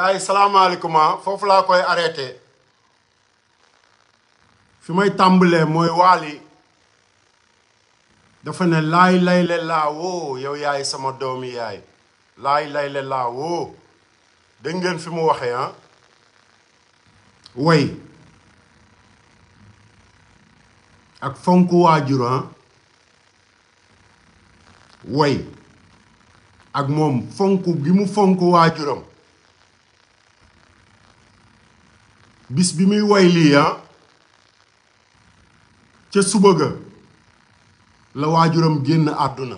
gars yi salaamaaleykum ah. foofu laa koy arrêté fi may tàmbalee mooy waali dafa ne laay lay le laa woo yow yaay sama doomi yaay laay lay le laa woo dégg fi mu waxee ah way ak fonk waajur ah way ak moom fonk gi mu fonk waajuram bis bi muy woy lii ah, ca suba ga la waajuram génn àdduna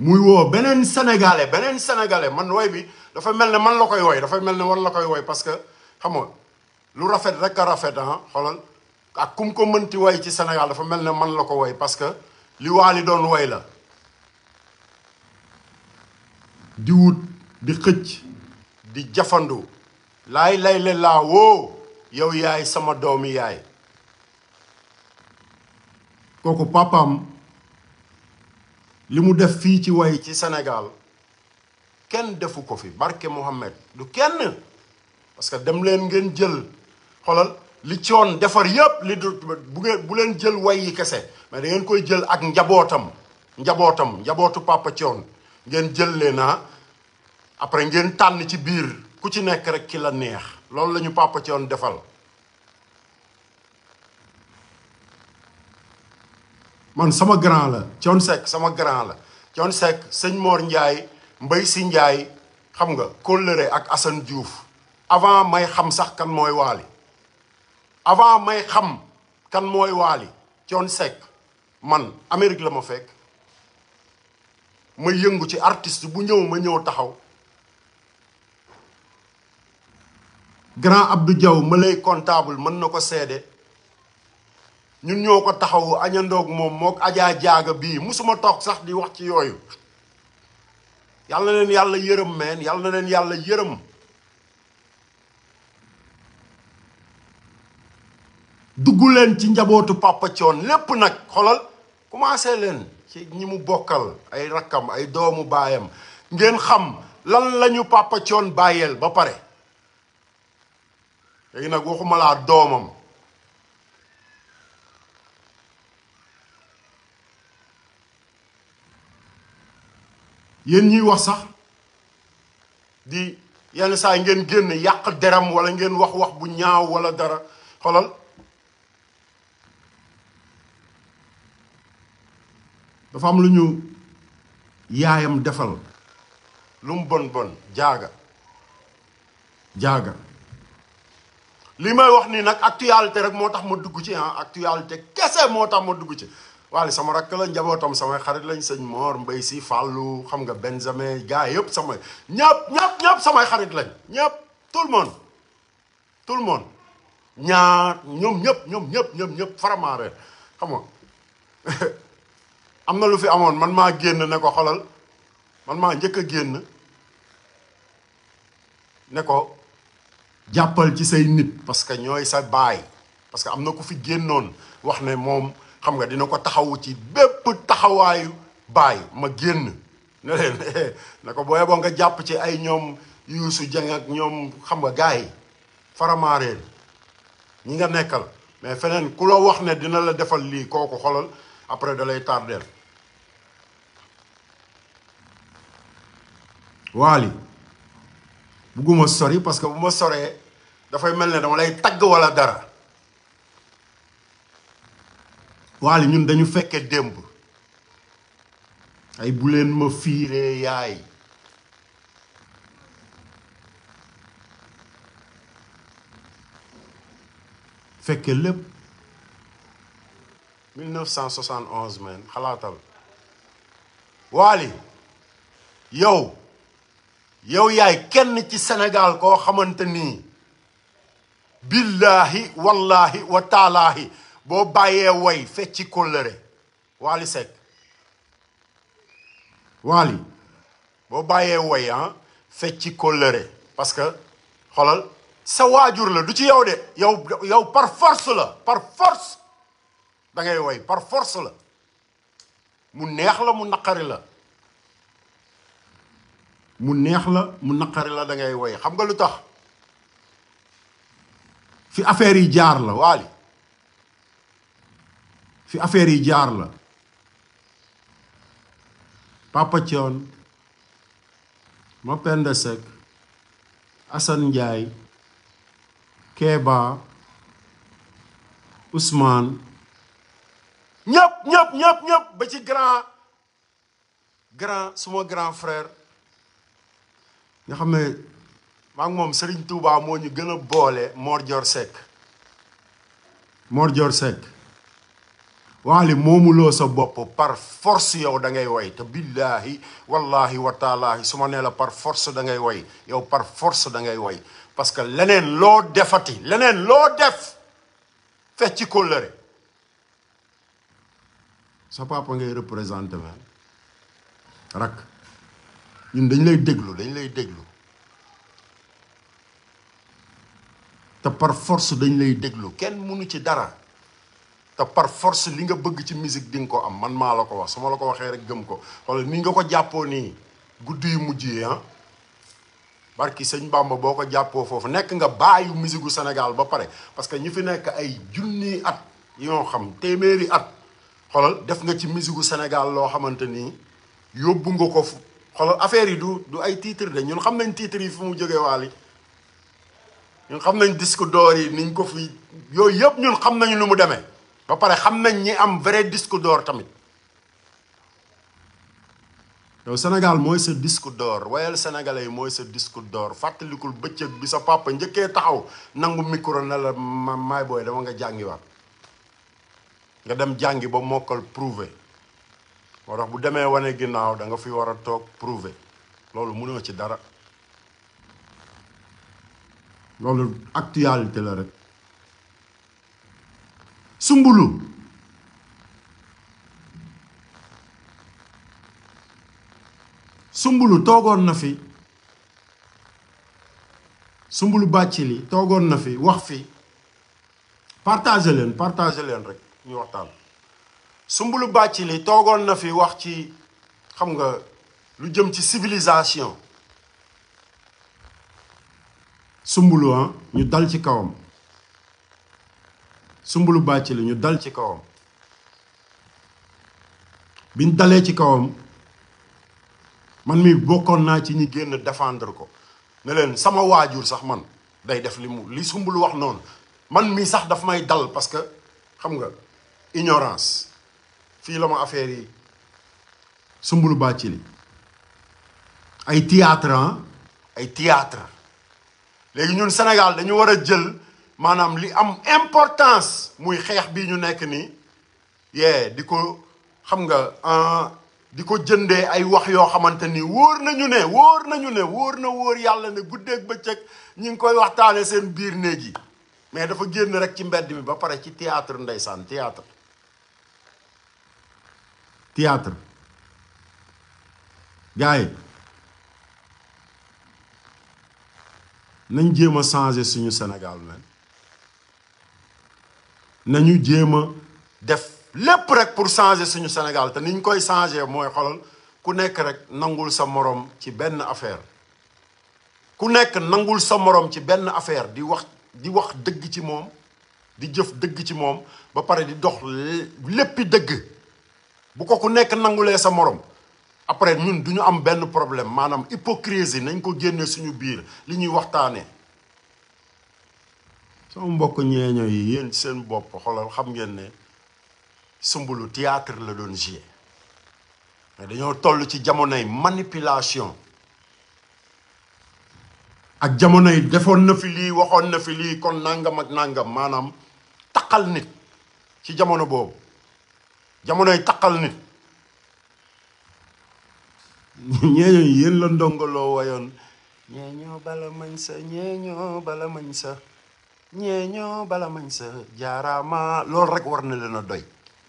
muy woo beneen sénégalais beneen sénégalais man woy bi dafa mel ne man la koy woy dafay mel ne war la koy woy parce que xam lu rafet rek a rafet ah xoolal ak kum ko mënti woy ci Sénégal dafa mel ne man la ko woy parce que li waali doon woy la di wut di xëcc di jafandu laay lay le laa woo yow yaay sama doom yaay kooku papam li mu def fii ci way ci senegaal kenn defu ko fi barke Mohammed du kenn parce que dem leen ngeen jël xoolal li coon defar yépp li du bu ngeen bu leen jël way yi kese mais da ngeen koy jël ak njabootam njabootam njabootu papa coon ngeen jël leen ah. après ngeen tànn ci biir ku ci nekk rek ki la neex loolu la ñu papa Thione defal man sama grand la Thione Seck sama grand la Thione Seck sëñ moor Ndiaye mbay si njaay xam nga kóllëre ak Assane Diouf avant may xam sax kan mooy Waly avant may xam kan mooy Waly Thione Seck man Amérique la ma fekk ma yëngu ci artiste bu ñëw ma ñëw taxaw grand Abdou Diaw ma lay comptable mën na ko seede ñun ñoo ko taxawu añandoog moom mook ajaa jaaga bii musuma toog sax di wax ci yooyu yàlla na leen yàlla yërëm meen yàlla leen yàlla yërëm dugg leen ci njabootu Papa lépp nag xolal commencé leen ci ñi mu bokkal ay rakkam ay doomu baayam ngeen xam lan lañu Papa bàyyeel ba pare léegi nag waxuma laa doomam yéen ñuy wax sax di yenn saa ngeen génn yàq deram walla ngeen wax wax bu ñaaw wala dara xolal dafa am lu ñu yaayam defal lu mu bon bon jaaga jaaga li may wax nii nag actualité rek moo tax ma dugg ci ah actualité kese moo tax ma dugg ci waaye sama rakk la njabootam samay xarit lañ sañ moor Mbay si Fallou xam nga Benjamin gars yëpp samay ñëpp ñëpp ñëpp samay xarit lañ ñëpp tout le monde tout le monde ñaar ñoom ñëpp ñoom ñëpp ñoom ñëpp vraiment rek xam nga am na lu fi amoon man maa génn ne ko xolal man maa njëkk a génn ne ko jàppal ci say nit parce que ñooy sa baay parce que am na ku fi génnoon wax ne moom xam nga dina ko taxawu ci bépp taxawaayu baay ma génn ne na ko boo boo nga jàpp ci ay ñoom yuusu jang ak ñoom xam nga gars yi faramaareen ñi nga nekkal mais feneen ku la wax ne dina la defal lii kooku xolal après da lay tardeel waali bugguma sori parce que bu ma soree dafay mel ne dama lay tagg walla dara waali ñun dañu fekke démb ay bu leen ma fiiree yaay fekke lépp 1971 man xalaatal waali yow yow yaay kenn ci Sénégal koo xamante nii billaahi wallaahi wa taalaahi boo bàyyee woy fecci kóllëre Wally Seck Wally boo bàyyee woy ah fecci kóllëre parce que xolal sa waajur la du ci yow de yow yow la par force da ngay woy par force la mu neex la mu naqari la mu neex la mu naqari la dangay ngay woy xam nga lu tax fi affaire yi jaar la waali fi affaire yi jaar la Papa Thione Mapenda Seck Assane Ndiaye Kéba Ousmane ñëpp ñëpp ñëpp ñëpp ba ci grand grand suma grand frère nga xam ne maa moom Serigne Touba moo ñu gën a boole moor Dior Seck Mor Dior Seck waali moomuloo sa bopp par force yow da ngay woy te billaahi wallaahi wa taalaahi su ma nee la par force da ngay woy yow par force da ngay woy parce que leneen loo defati leneen loo def fecc kóllëre sa papa ngay représenté ma ñun dañ lay déglu dañ lay déglu te par force dañ lay déglu kenn mënu ci dara te par force li nga bëgg ci musique di nga ko am man maa la ko wax su ma la ko waxee rek gëm ko wala ni nga ko jàppoo nii guddi yu mujj yi ah barki sëñ Bamba boo ko jàppoo foofu nekk nga bàyyi musique gu senegal ba pare parce que ñu fi nekk ay junni at yoo xam téeméeri at xoolal def nga ci musique gu senegal loo xamante ni yóbbu nga ko xoolal affaire yi du du ay titre de ñun xam nañ titre yi fu mu jógee waali ñun xam nañ disque door yi niñ ko fi yooyu yëpp ñun xam nañ lu mu demee ba pare xam nañ ñi am vrai disque door tamit yow senegal mooy sa disque door wayal sénégalais yi mooy sa disque door fàttalikul bëccëg bi sa papa njëkkee taxaw nangu micro ne la maay booy dama nga jàngiwaat nga dem jàngi ba mokkal prouvé moo tax bu demee wane ginnaaw danga fi war a toog prouver loolu mënoo ci dara loolu actualité la rek sumbulu sumbulu toogoon na fi sumbulu bàcci li toogoon na fi wax fi partager leen partager leen rek ñu waxtaan Soumboulou Bathily toogoon na fi wax ci xam nga lu jëm ci civilisation Soumboulou ah ñu dal ci kawam Soumboulou Bathily ñu dal ci kawam biñ dalee ci kawam man mi bokkoon naa ci ñi génn defendre ko ne leen sama waajur sax man day def li mu li Soumboulou wax noonu man mii sax daf may dal parce que xam nga ignorance fii la ma affaire yi sumbulu bàcci li ay théâtre ay théâtre léegi ñun Sénégal dañu war a jël maanaam li am importance muy xeex bi ñu nekk nii yee di ko xam nga di ko jëndee ay wax yoo xamante ni wóor nañu ne wóor nañu ne wóor na wóor yàlla ne guddeeg bëccëg ñu ngi koy waxtaane seen biir néeg yi mais dafa génn rek ci mbedd mi ba pare ci théâtre ndeysaan théâtre théâtre gars yi nañ jéem a changer suñu senegal men nañu jéem a def lépp rek pour changer suñu Sénégal te niñ koy changer mooy xolal ku nekk rek nangul sa moroom ci benn affaire ku nekk nangul sa moroom ci benn affaire di wax di wax dëgg ci moom di jëf dëgg ci moom ba pare di dox léppi dëgg bu ko ku nekk nangu lee sa morom après ñun du ñu am benn problème maanaam hypocrisie nañ ko génne suñu biir li ñuy waxtaanee. sama mbokk ñeeño yi yéen seen bopp xoolal xam ngeen ne sumbulu théâtre la doon joué mais dañoo toll ci jamonoy manipulation ak jamonoy defoon na fi lii waxoon na fi lii kon nangam ak nangam maanaam taqal nit ci jamono boobu. jamonoy taqal nit ñeeñooñ yéen la ndongoloo wayoon ñeeñoo bala mañ sa ñeeñoo bala mañ sa ñeeñoo bala mañ jaaraama loolu rek war na leen a doy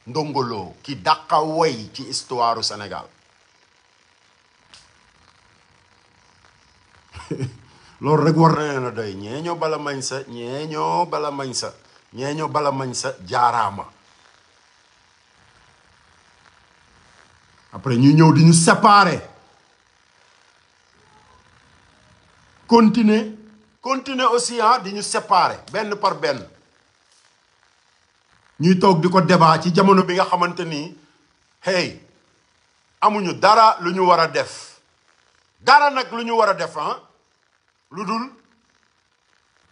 ndongoloo ki dàqa way ci istuwaaru u Sénégal loolu rek war na leen a doy ñeeñoo bala mañ sa ñeeñoo bala mañ sa ñeeñoo bala mañ jaaraama après ñu ñëw di ñu séparer continuer continuer aussi ah di ñu séparer benn par benn ñuy toog di ko débat ci jamono bi nga xamante ni hey amuñu dara lu ñu war a def dara nag lu ñu war a def ah lu dul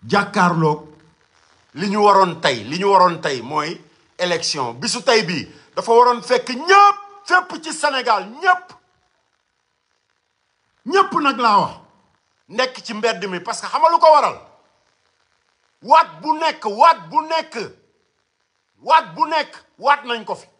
jàkkaarloog li ñu waroon tey li ñu waroon tey mooy élection bisu tey bi dafa waroon fekk ñëpp. fépp ci Sénégal ñëpp ñëpp nag laa wax nekk ci mbedd mi parce que xama lu ko waral waat bu nekk waat bu nekk waat bu nekk waat nañ ko fi